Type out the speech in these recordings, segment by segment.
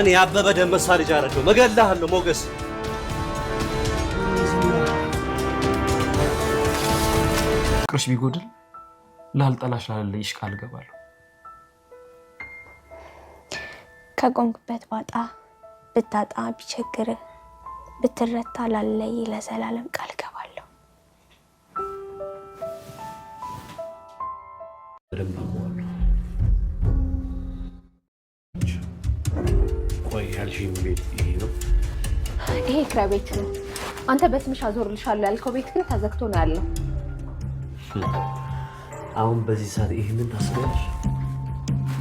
እኔ አበበ ደመሳ ልጅ አረገው መገላሃለሁ። ሞገስ ቅርሽ ቢጎድል ላልጠላሽ ላለይሽ ቃል እገባለሁ። ከቆምክበት ባጣ ብታጣ ቢቸግርህ ብትረታ ላለይ ለዘላለም ቃል እገባለሁ። በደንብ የሰጠችኝ ቤት ይሄ ነው። ይሄ ክራይ ቤት ነው። አንተ በስምሽ አዞርልሻለሁ ያልከው ቤት ግን ተዘግቶ ነው ያለው። አሁን በዚህ ሰዓት ይህንን ታስቢያለሽ?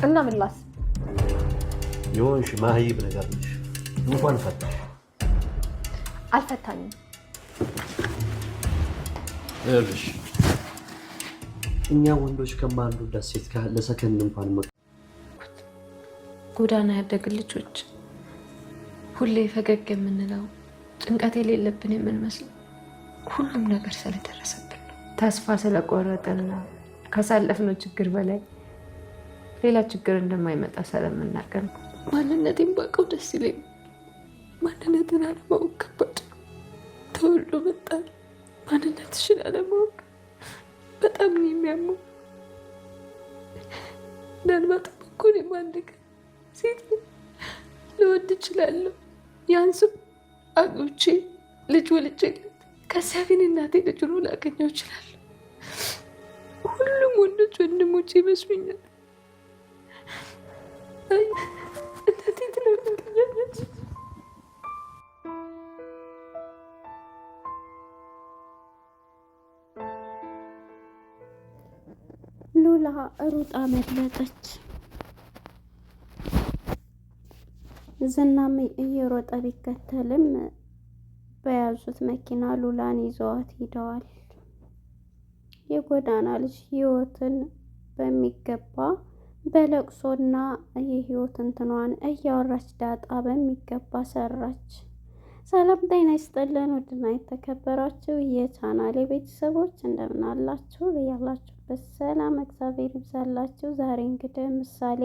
እና ምን ላስ የሆንሽ ማህይብ ነገር ነሽ። እንኳን ፈታሽ። አልፈታኝም። ይኸውልሽ እኛ ወንዶች ከማንዱ ዳሴት ጋር ለሰከንድ እንኳን ጎዳና ያደግ ልጆች ሁሌ ፈገግ የምንለው ጭንቀት የሌለብን የምንመስለው ሁሉም ነገር ስለደረሰብን ነው። ተስፋ ስለቆረጥና ካሳለፍነው ችግር በላይ ሌላ ችግር እንደማይመጣ ስለምናቀን ማንነቴን ባውቀው ደስ ይለኝ። ማንነትን አለማወቅ ከባድ ተወልዶ መጣል ማንነትሽን አለማወቅ በጣም ነው የሚያመው። ምናልባት እኮ እኔም አንድ ቀን ሴት ልወድ እችላለሁ። ያንስም አግብቼ ልጅ ወልጄ ከሰፊን እናቴ ልጅ ሆኖ ላገኘው ይችላል። ሁሉም ወንዶች ወንድሞቼ ይመስሉኛል። እናቴ ትለምኛለች። ሉላ ሩጣ መለጠች። ዝናም እየሮጠ ቢከተልም በያዙት መኪና ሉላን ይዘዋት ሂደዋል። የጎዳና ልጅ ህይወትን በሚገባ በለቅሶና የህይወት እንትኗን እያወራች ዳጣ በሚገባ ሰራች። ሰላም ጤና ይስጥልን። ውድና የተከበራችሁ የቻናሌ ቤተሰቦች እንደምን አላችሁ? ያላችሁበት ሰላም እግዚአብሔር ይብዛላችሁ። ዛሬ እንግዲህ ምሳሌ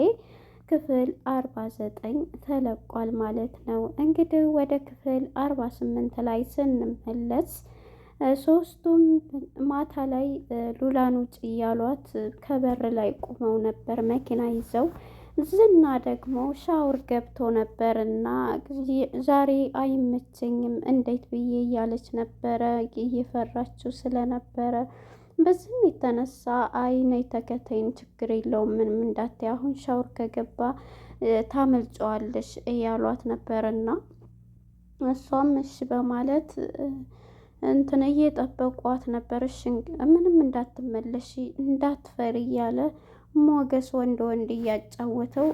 ክፍል 49 ተለቋል ማለት ነው። እንግዲህ ወደ ክፍል 48 ላይ ስንመለስ ሶስቱም ማታ ላይ ሉላን ውጭ እያሏት ከበር ላይ ቁመው ነበር መኪና ይዘው። ዝና ደግሞ ሻውር ገብቶ ነበር እና ዛሬ አይመቸኝም እንዴት ብዬ እያለች ነበረ እየፈራችው ስለነበረ በዚህም የተነሳ አይነ ተከታይን ችግር የለውም ምንም እንዳት አሁን ሻውር ከገባ ታመልጨዋለሽ እያሏት ነበርና እሷም እሺ በማለት እንትን እየጠበቋት ነበር። እሺ ምንም እንዳትመለሽ እንዳትፈሪ እያለ ሞገስ ወንድ ወንድ እያጫወተው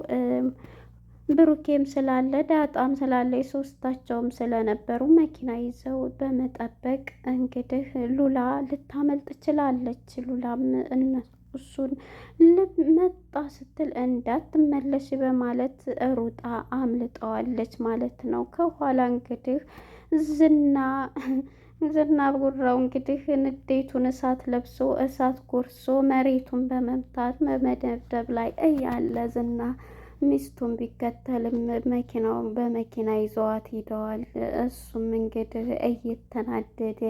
ብሩኬም ስላለ ዳጣም ስላለ የሶስታቸውም ስለነበሩ መኪና ይዘው በመጠበቅ እንግዲህ ሉላ ልታመልጥ ችላለች። ሉላም እሱን መጣ ስትል እንዳትመለሽ በማለት ሩጣ አምልጠዋለች ማለት ነው። ከኋላ እንግዲህ ዝና ዝና ጉራው እንግዲህ ንዴቱን እሳት ለብሶ እሳት ጎርሶ መሬቱን በመምታት በመደብደብ ላይ እያለ ዝና ሚስቱን ቢከተልም መኪናውን በመኪና ይዘዋት ሂደዋል። እሱም እንግዲህ እየተናደደ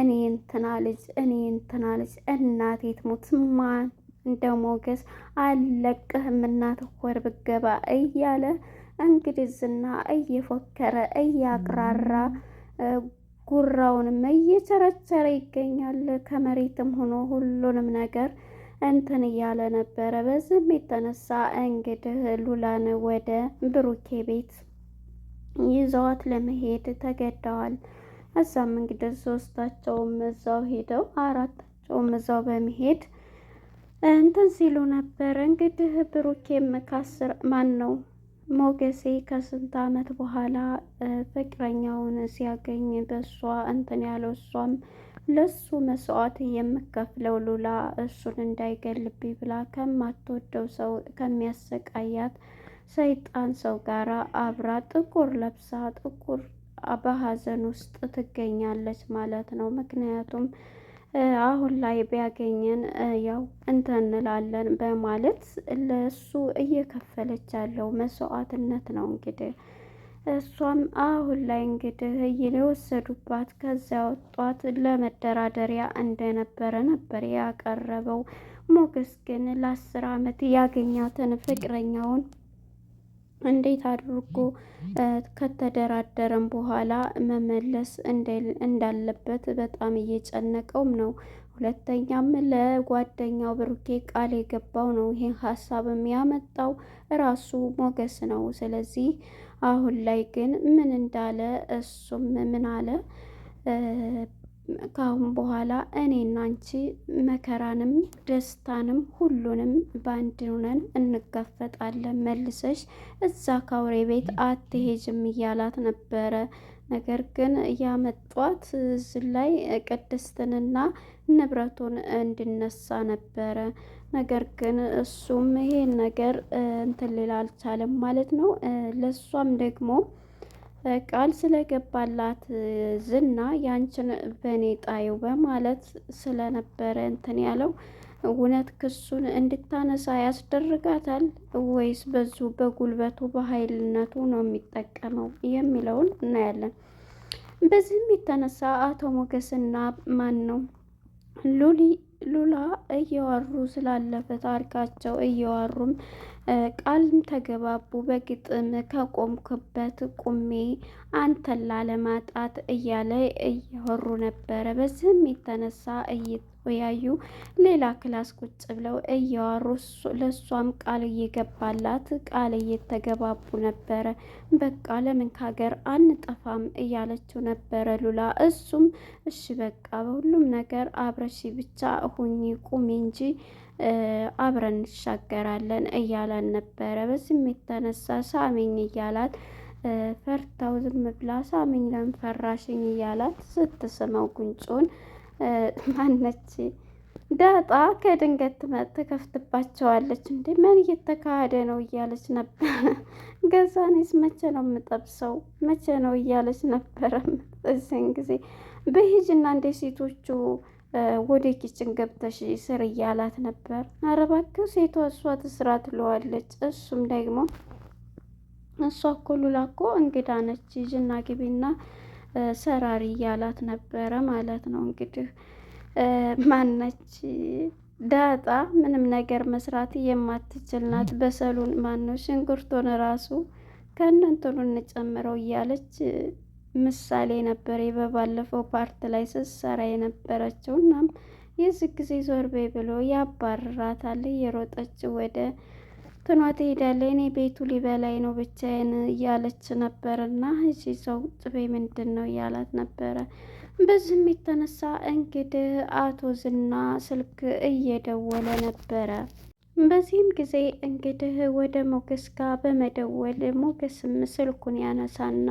እኔ እንትና ልጅ እኔ እንትና ልጅ እናቴ ትሙት ማን እንደ ሞገስ አለቅህም ወር ብገባ እያለ እንግሊዝና እየፎከረ እያቅራራ ጉራውንም እየቸረቸረ ይገኛል። ከመሬትም ሆኖ ሁሉንም ነገር እንትን እያለ ነበረ። በዚህም የተነሳ እንግዲህ ሉላን ወደ ብሩኬ ቤት ይዘዋት ለመሄድ ተገደዋል። እዛም እንግዲህ ሶስታቸውም እዛው ሄደው አራታቸውም እዛው በመሄድ እንትን ሲሉ ነበር። እንግዲህ ብሩኬም ካስር ማን ነው ሞገሴ ከስንት ዓመት በኋላ ፍቅረኛውን ሲያገኝ በእሷ እንትን ያለው እሷም ለሱ መስዋዕት የምከፍለው ሉላ እሱን እንዳይገልብኝ ብላ ከማትወደው ሰው ከሚያሰቃያት ሰይጣን ሰው ጋር አብራ ጥቁር ለብሳ ጥቁር በሀዘን ውስጥ ትገኛለች ማለት ነው። ምክንያቱም አሁን ላይ ቢያገኘን ያው እንላለን በማለት ለሱ እየከፈለች ያለው መስዋዕትነት ነው እንግዲህ እሷም አሁን ላይ እንግዲህ የወሰዱባት ከዚያ ወጧት ለመደራደሪያ እንደነበረ ነበር ያቀረበው። ሞገስ ግን ለአስር ዓመት ያገኛትን ፍቅረኛውን እንዴት አድርጎ ከተደራደረም በኋላ መመለስ እንዳለበት በጣም እየጨነቀውም ነው። ሁለተኛም ለጓደኛው ብሩኬ ቃል የገባው ነው። ይሄን ሀሳብ የሚያመጣው ራሱ ሞገስ ነው። ስለዚህ አሁን ላይ ግን ምን እንዳለ እሱም ምን አለ፣ ካሁን በኋላ እኔና አንቺ መከራንም ደስታንም ሁሉንም በአንድ ሆነን እንጋፈጣለን፣ መልሰሽ እዛ ካውሬ ቤት አትሄጅም እያላት ነበረ። ነገር ግን ያመጧት እዚህ ላይ ቅድስትንና ንብረቱን እንድነሳ ነበረ። ነገር ግን እሱም ይሄን ነገር እንትን ሌላ አልቻለም ማለት ነው። ለእሷም ደግሞ ቃል ስለገባላት ዝና ያንችን በእኔ ጣየው በማለት ስለነበረ እንትን ያለው እውነት ክሱን እንድታነሳ ያስደርጋታል ወይስ በዙ በጉልበቱ በኃይልነቱ ነው የሚጠቀመው የሚለውን እናያለን። በዚህም የተነሳ አቶ ሞገስና ማን ነው ሉሊ ሉላ እየዋሩ ስላለፈ ታሪካቸው እየዋሩም ቃልም ተገባቡ። በግጥም ከቆምክበት ቁሜ አንተን ላለማጣት እያለ እያወሩ ነበረ። በዚህም የተነሳ እይ እያዩ ሌላ ክላስ ቁጭ ብለው እያወሩ ለእሷም ቃል እየገባላት ቃል እየተገባቡ ነበረ። በቃ ለምን ከሀገር አንጠፋም እያለችው ነበረ ሉላ። እሱም እሺ በቃ በሁሉም ነገር አብረሺ ብቻ ሁኚ ቁሚ እንጂ አብረን እንሻገራለን እያላን ነበረ። በስም የተነሳ ሳሚኝ እያላት ፈርታው ዝም ብላ ሳሜኝ ለምን ፈራሽኝ እያላት ስትስመው ጉንጮን ማነች ዳጣ ከድንገት ትከፍትባቸዋለች። እንደ ምን እየተካሄደ ነው እያለች ነበር። ገዛኔስ መቼ ነው የምጠብሰው መቼ ነው እያለች ነበረ። እዚህን ጊዜ በሂጅና እንደ ሴቶቹ ወደ ኪችን ገብተሽ ስር እያላት ነበር። ኧረ እባክህ ሴቷ እሷ ትስራ ትለዋለች። እሱም ደግሞ እሷ እኮ ሉላ እኮ እንግዳ ነች፣ ሂጅና ግቢና ሰራሪ እያላት ነበረ ማለት ነው። እንግዲህ ማነች ዳጣ ምንም ነገር መስራት የማትችል ናት። በሰሉን ማነው ሽንኩርቶን ራሱ ከእነንትኑ እንጨምረው እያለች ምሳሌ ነበር በባለፈው ፓርት ላይ ስትሰራ የነበረችው። እናም የዚህ ጊዜ ዞር በይ ብሎ ያባርራታል እየሮጠች ወደ ትኗ ትሄዳለች። እኔ ቤቱ ሊበላይ ነው ብቻዬን እያለች ነበር እና እዚህ ሰው ጥቤ ምንድን ነው እያላት ነበረ። በዚህም የተነሳ እንግዲህ አቶ ዝና ስልክ እየደወለ ነበረ። በዚህም ጊዜ እንግዲህ ወደ ሞገስ ጋር በመደወል ሞገስም ስልኩን ያነሳና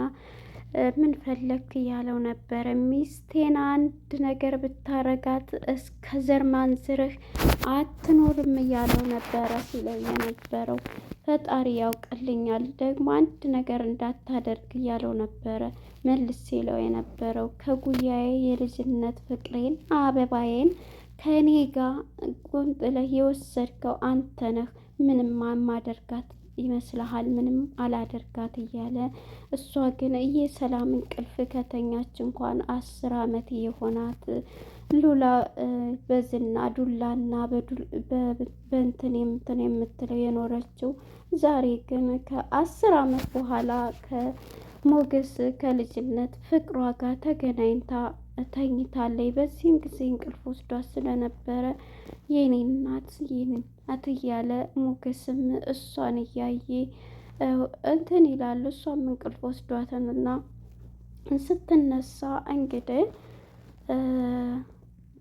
ምን ፈለክ እያለው ነበረ። ሚስቴን አንድ ነገር ብታረጋት እስከ ዘር ማንዝርህ አትኖርም እያለው ነበረ ሲለው የነበረው። ፈጣሪ ያውቅልኛል ደግሞ አንድ ነገር እንዳታደርግ እያለው ነበረ መልስ ሲለው የነበረው። ከጉያዬ የልጅነት ፍቅሬን አበባዬን ከእኔ ጋር ጎንጥለህ የወሰድከው አንተ ነህ። ምንም ማደርጋት ይመስልሃል ምንም አላደርጋት እያለ እሷ ግን የሰላም እንቅልፍ ከተኛች እንኳን አስር አመት የሆናት ሉላ በዝና ዱላና በእንትን የምትን የምትለው የኖረችው ዛሬ ግን ከአስር አመት በኋላ ከሞገስ ከልጅነት ፍቅሯ ጋር ተገናኝታ ተኝታለይ። በዚህም ጊዜ እንቅልፍ ወስዷ ስለነበረ የኔ እናት ናት እያለ ሞገስም እሷን እያየ እንትን ይላል። እሷም እንቅልፍ ወስዷትንና ስትነሳ እንግዲህ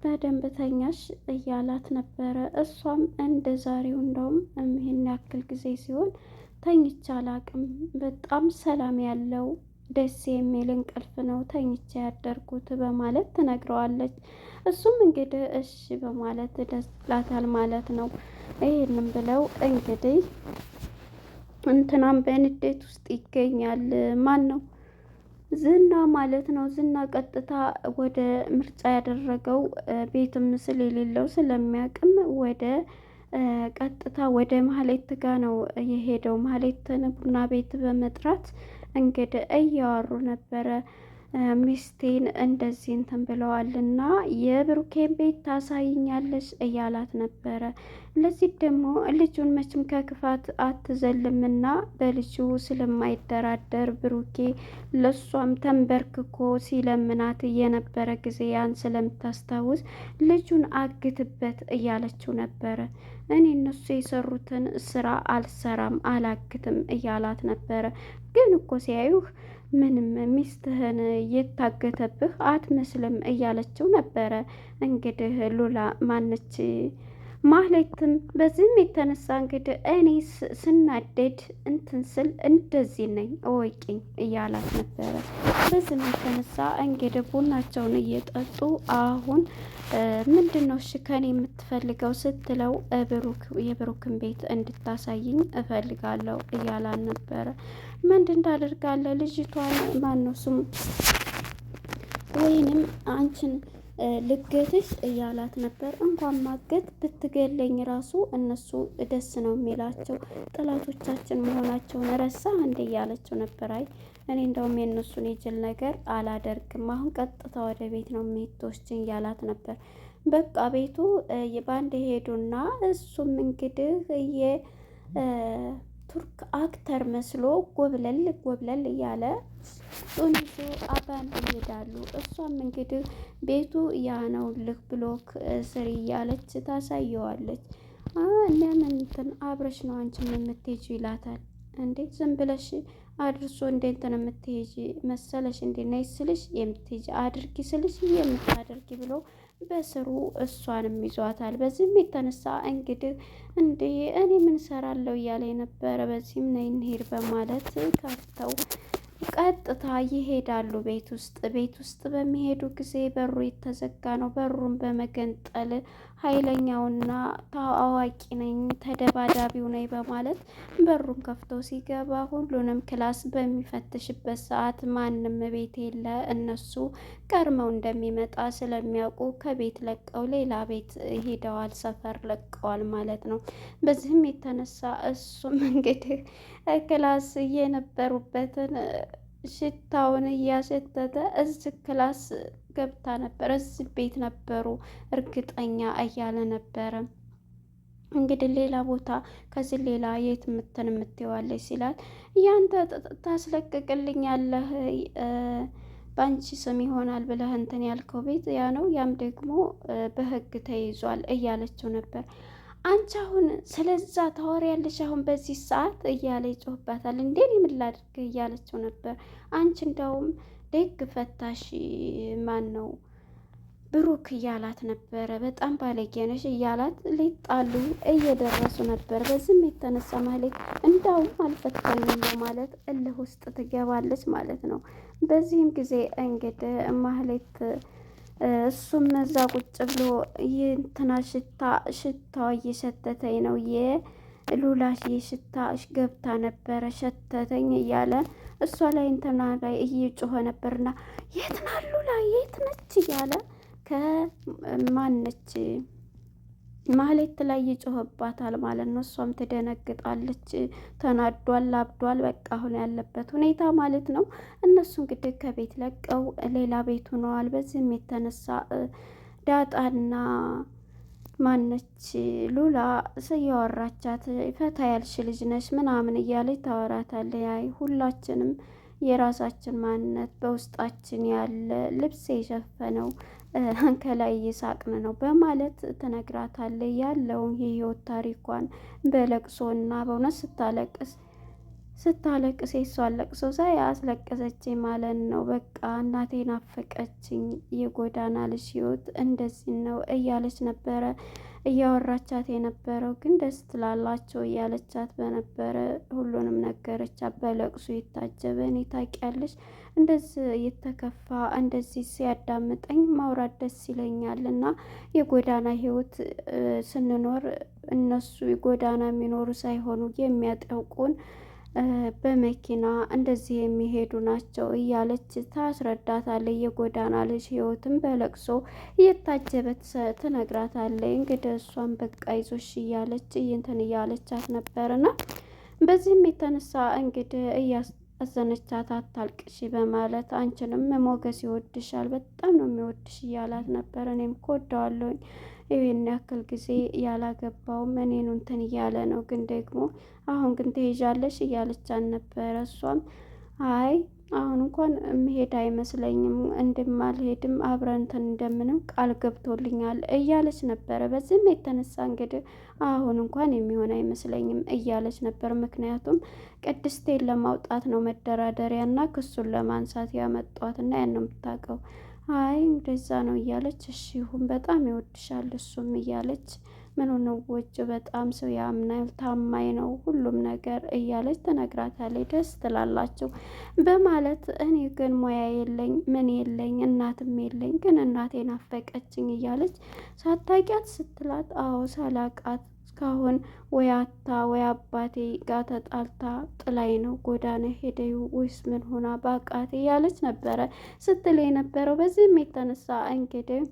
በደንብ ተኛሽ እያላት ነበረ። እሷም እንደ ዛሬው እንደውም ይህን ያክል ጊዜ ሲሆን ተኝቼ አላቅም፣ በጣም ሰላም ያለው ደስ የሚል እንቅልፍ ነው ተኝቼ ያደርጉት በማለት ትነግረዋለች። እሱም እንግዲህ እሺ በማለት ደስ ላታል ማለት ነው። ይህንም ብለው እንግዲህ እንትናም በንዴት ውስጥ ይገኛል። ማን ነው ዝና ማለት ነው። ዝና ቀጥታ ወደ ምርጫ ያደረገው ቤትም ምስል የሌለው ስለሚያቅም ወደ ቀጥታ ወደ ማህሌት ጋ ነው የሄደው። ማህሌትን ቡና ቤት በመጥራት እንግዲህ እያወሩ ነበረ። ሚስቴን እንደዚህ እንትን ብለዋልና የብሩኬን ቤት ታሳይኛለች እያላት ነበረ። ለዚህ ደግሞ ልጁን መቼም ከክፋት አትዘልምና በልጁ ስለማይደራደር ብሩኬ ለሷም ተንበርክኮ ሲለምናት የነበረ ጊዜ ያን ስለምታስታውስ ልጁን አግትበት እያለችው ነበረ። እኔ እነሱ የሰሩትን ስራ አልሰራም አላግትም እያላት ነበረ። ግን እኮ ሲያዩህ ምንም ሚስትህን የታገተብህ አትመስልም እያለችው ነበረ። እንግዲህ ሉላ ማነች ማህሌትም በዚህም የተነሳ እንግዲህ እኔ ስናደድ እንትን ስል እንደዚህ ነኝ እወቂኝ እያላት ነበረ። በዚህም የተነሳ እንግዲህ ቡናቸውን እየጠጡ አሁን ምንድን ነው እሺ ከኔ የምትፈልገው ስትለው የብሩክን ቤት እንድታሳይኝ እፈልጋለሁ እያላት ነበረ። ምንድ እንዳደርጋለ ልጅቷን ማነው ስሙ ወይንም አንቺን ልገትሽ እያላት ነበር። እንኳን ማገት ብትገለኝ ራሱ እነሱ ደስ ነው የሚላቸው ጠላቶቻችን መሆናቸውን ረሳ እንዴ እያለችው ነበር። አይ እኔ እንደውም የእነሱን የጅል ነገር አላደርግም። አሁን ቀጥታ ወደ ቤት ነው የሚሄድቶችን እያላት ነበር። በቃ ቤቱ በአንድ ሄዱና እሱም እንግዲህ ቱርክ አክተር መስሎ ጎብለል ጎብለል እያለ እሱን ይዞ አባን ይሄዳሉ። እሷም እንግዲህ ቤቱ ያ ነው ልክ ብሎክ ስሪ እያለች ታሳየዋለች። እናምንትን አብረሽ ነው አንቺም የምትሄጂ ይላታል። እንዴ ዝም ብለሽ አድርሶ እንደ እንትን የምትሄጂ መሰለሽ እንዴ ነይ ስልሽ የምትሄጂ አድርጊ ስልሽ የምታደርጊ ብሎ በስሩ እሷንም ይዟታል። በዚህም የተነሳ እንግዲህ እንዴ እኔ ምን ሰራለሁ እያለ የነበረ በዚህም ነይ እንሂድ በማለት ከፍተው ቀጥታ ይሄዳሉ ቤት ውስጥ ቤት ውስጥ በሚሄዱ ጊዜ በሩ የተዘጋ ነው። በሩን በመገንጠል ኃይለኛውና ታዋቂ ነኝ ተደባዳቢው ነኝ በማለት በሩን ከፍቶ ሲገባ ሁሉንም ክላስ በሚፈትሽበት ሰዓት ማንም ቤት የለ። እነሱ ቀድመው እንደሚመጣ ስለሚያውቁ ከቤት ለቀው ሌላ ቤት ሄደዋል፣ ሰፈር ለቀዋል ማለት ነው። በዚህም የተነሳ እሱም እንግዲህ ክላስ የነበሩበትን ሽታውን እያሸተተ እዚህ ክላስ ገብታ ነበር፣ እዚህ ቤት ነበሩ እርግጠኛ እያለ ነበረ። እንግዲህ ሌላ ቦታ ከዚህ ሌላ የት ምትን የምትዋለች ሲላል እያንተ ታስለቅቅልኝ ያለህ በአንቺ ስም ይሆናል ብለህ እንትን ያልከው ቤት ያ ነው፣ ያም ደግሞ በህግ ተይዟል እያለችው ነበር። አንቺ አሁን ስለዛ ታወሪያለሽ አሁን በዚህ ሰዓት እያለ ይጮህባታል። እንዴ ምን ላድርግ እያለችው ነበር። አንቺ እንደውም ደግ ፈታሽ ማን ነው ብሩክ እያላት ነበረ። በጣም ባለጌ ነሽ እያላት ሊጣሉ እየደረሱ ነበር። በዚህም የተነሳ ማህሌት እንዳውም አልፈታኝም በማለት እልህ ውስጥ ትገባለች ማለት ነው። በዚህም ጊዜ እንግዲህ ማህሌት እሱም እዛ ቁጭ ብሎ ይንትና ሽታ ሽታው እየሸተተኝ ነው የሉላሽ ሽታ ገብታ ነበረ ሸተተኝ እያለ እሷ ላይ እንትና ላይ እየጮኸ ነበርና የት ናሉ ላይ የት ነች እያለ ከማነች ማህሌት ላይ ይጮህባታል ማለት ነው። እሷም ትደነግጣለች። ተናዷል፣ አብዷል። በቃ አሁን ያለበት ሁኔታ ማለት ነው። እነሱ እንግዲህ ከቤት ለቀው ሌላ ቤት ሆነዋል። በዚህም የተነሳ ዳጣና ማነች ሉላ ስያወራቻት ፈታ ያልሽ ልጅ ነሽ ምናምን እያለች ታወራታለች። ያይ ሁላችንም የራሳችን ማንነት በውስጣችን ያለ ልብስ የሸፈነው ከላይ እየሳቅን ነው በማለት ትነግራታለች ያለውን የህይወት ታሪኳን በለቅሶና በእውነት ስታለቅስ ስታለቅስ የሷ ለቅሶ ሳይ አስለቀሰችኝ ማለት ነው። በቃ እናቴ ናፈቀችኝ፣ የጎዳና ልጅ ህይወት እንደዚህ ነው እያለች ነበረ እያወራቻት የነበረው ግን ደስ ትላላቸው እያለቻት በነበረ ሁሉንም ነገረቻት። በለቅሱ የታጀበ እኔ ታውቂያለሽ፣ እንደዚህ እየተከፋ እንደዚህ ሲያዳምጠኝ ማውራት ደስ ይለኛል እና የጎዳና ህይወት ስንኖር እነሱ የጎዳና የሚኖሩ ሳይሆኑ የሚያጠውቁን በመኪና እንደዚህ የሚሄዱ ናቸው እያለች ታስረዳታለች። የጎዳና ልጅ ህይወትን በለቅሶ እየታጀበት ትነግራታለች። እንግዲህ እሷን በቃ ይዞሽ እያለች እንትን እያለቻት ነበርና በዚህም የተነሳ እንግዲህ እያዘነቻት አታልቅሽ በማለት አንቺንም ሞገስ ይወድሻል፣ በጣም ነው የሚወድሽ እያላት ነበር። እኔም እኮ ወደዋለሁኝ ይህን ያክል ጊዜ ያላገባውም እኔን እንትን እያለ ነው፣ ግን ደግሞ አሁን ግን ትሄጃለሽ እያለች ነበረ። እሷም አይ አሁን እንኳን መሄድ አይመስለኝም፣ እንደማልሄድም አብረን እንትን እንደምንም ቃል ገብቶልኛል እያለች ነበረ። በዚህም የተነሳ እንግዲህ አሁን እንኳን የሚሆን አይመስለኝም እያለች ነበር። ምክንያቱም ቅድስቴን ለማውጣት ነው መደራደሪያና ክሱን ለማንሳት ያመጧት ያን ነው የምታውቀው። አይ እንደዛ ነው እያለች እሺ ይሁን በጣም ይወድሻል እሱም እያለች ምን ነው ወጭ በጣም ሰው ያምናል ታማኝ ነው ሁሉም ነገር እያለች ትነግራታለች። ደስ ትላላችሁ በማለት እኔ ግን ሙያ የለኝ ምን የለኝ እናትም የለኝ ግን እናቴ ናፈቀችኝ እያለች ሳታቂያት ስትላት አዎ ሳላቃት እስካሁን ወይ አታ ወይ አባቴ ጋር ተጣልታ ጥላይ ነው ጎዳና ሄደዩ ወይስ ምን ሆና በቃቴ ያለች ነበረ ስትል የነበረው። በዚህም የተነሳ እንግዲህ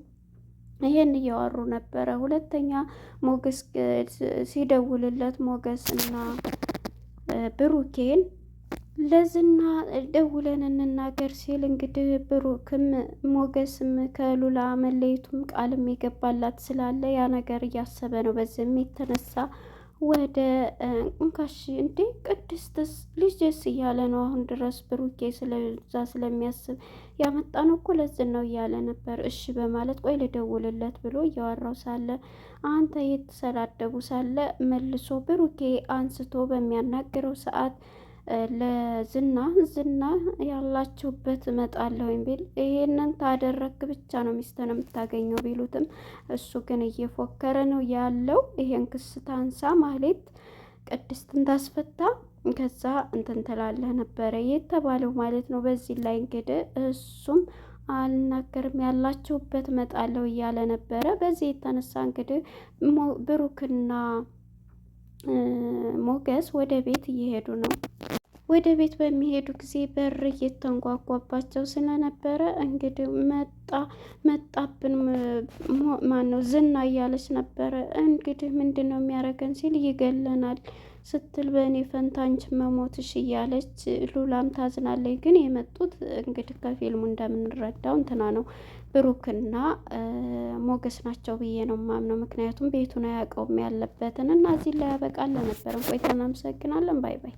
ይህን እያወሩ ነበረ። ሁለተኛ ሞገስ ሲደውልለት እና ብሩኬን ለዝና ደውለን እንናገር ሲል እንግዲህ ብሩክም ሞገስም ከሉላ መለየቱም ቃልም የገባላት ስላለ ያ ነገር እያሰበ ነው። በዚህም የተነሳ ወደ እንካሽ እንዴ ቅድስትስ ልጅስ እያለ ነው። አሁን ድረስ ብሩኬ ስለዛ ስለሚያስብ ያመጣ ነው እኮ ለዝን ነው እያለ ነበር። እሺ በማለት ቆይ ልደውልለት ብሎ እያወራው ሳለ አንተ የተሰዳደቡ ሳለ መልሶ ብሩኬ አንስቶ በሚያናግረው ሰዓት ለዝና ዝና ያላችሁበት እመጣለሁኝ ቢል ይሄንን ታደረክ ብቻ ነው ሚስትህን የምታገኘው ቢሉትም እሱ ግን እየፎከረ ነው ያለው። ይሄን ክስ ታንሳ ማህሌት ቅድስትን ታስፈታ ከዛ እንትን ትላለህ ነበረ የተባለው ማለት ነው። በዚህ ላይ እንግዲህ እሱም አልናገርም ያላችሁበት እመጣለሁ እያለ ነበረ። በዚህ የተነሳ እንግዲህ ብሩክና ሞገስ ወደ ቤት እየሄዱ ነው። ወደ ቤት በሚሄዱ ጊዜ በር እየተንጓጓባቸው ስለነበረ እንግዲህ መጣ መጣብን ማን ነው ዝና እያለች ነበረ። እንግዲህ ምንድን ነው የሚያደርገን ሲል ይገለናል ስትል በእኔ ፈንታንች መሞትሽ እያለች ሉላም ታዝናለች። ግን የመጡት እንግዲህ ከፊልሙ እንደምንረዳው እንትና ነው ብሩክና ሞገስ ናቸው ብዬ ነው ማምነው። ምክንያቱም ቤቱን አያውቀውም ያለበትን እና እዚህ ላይ ያበቃል። ለነበረን ቆይታ እናመሰግናለን። ባይ ባይ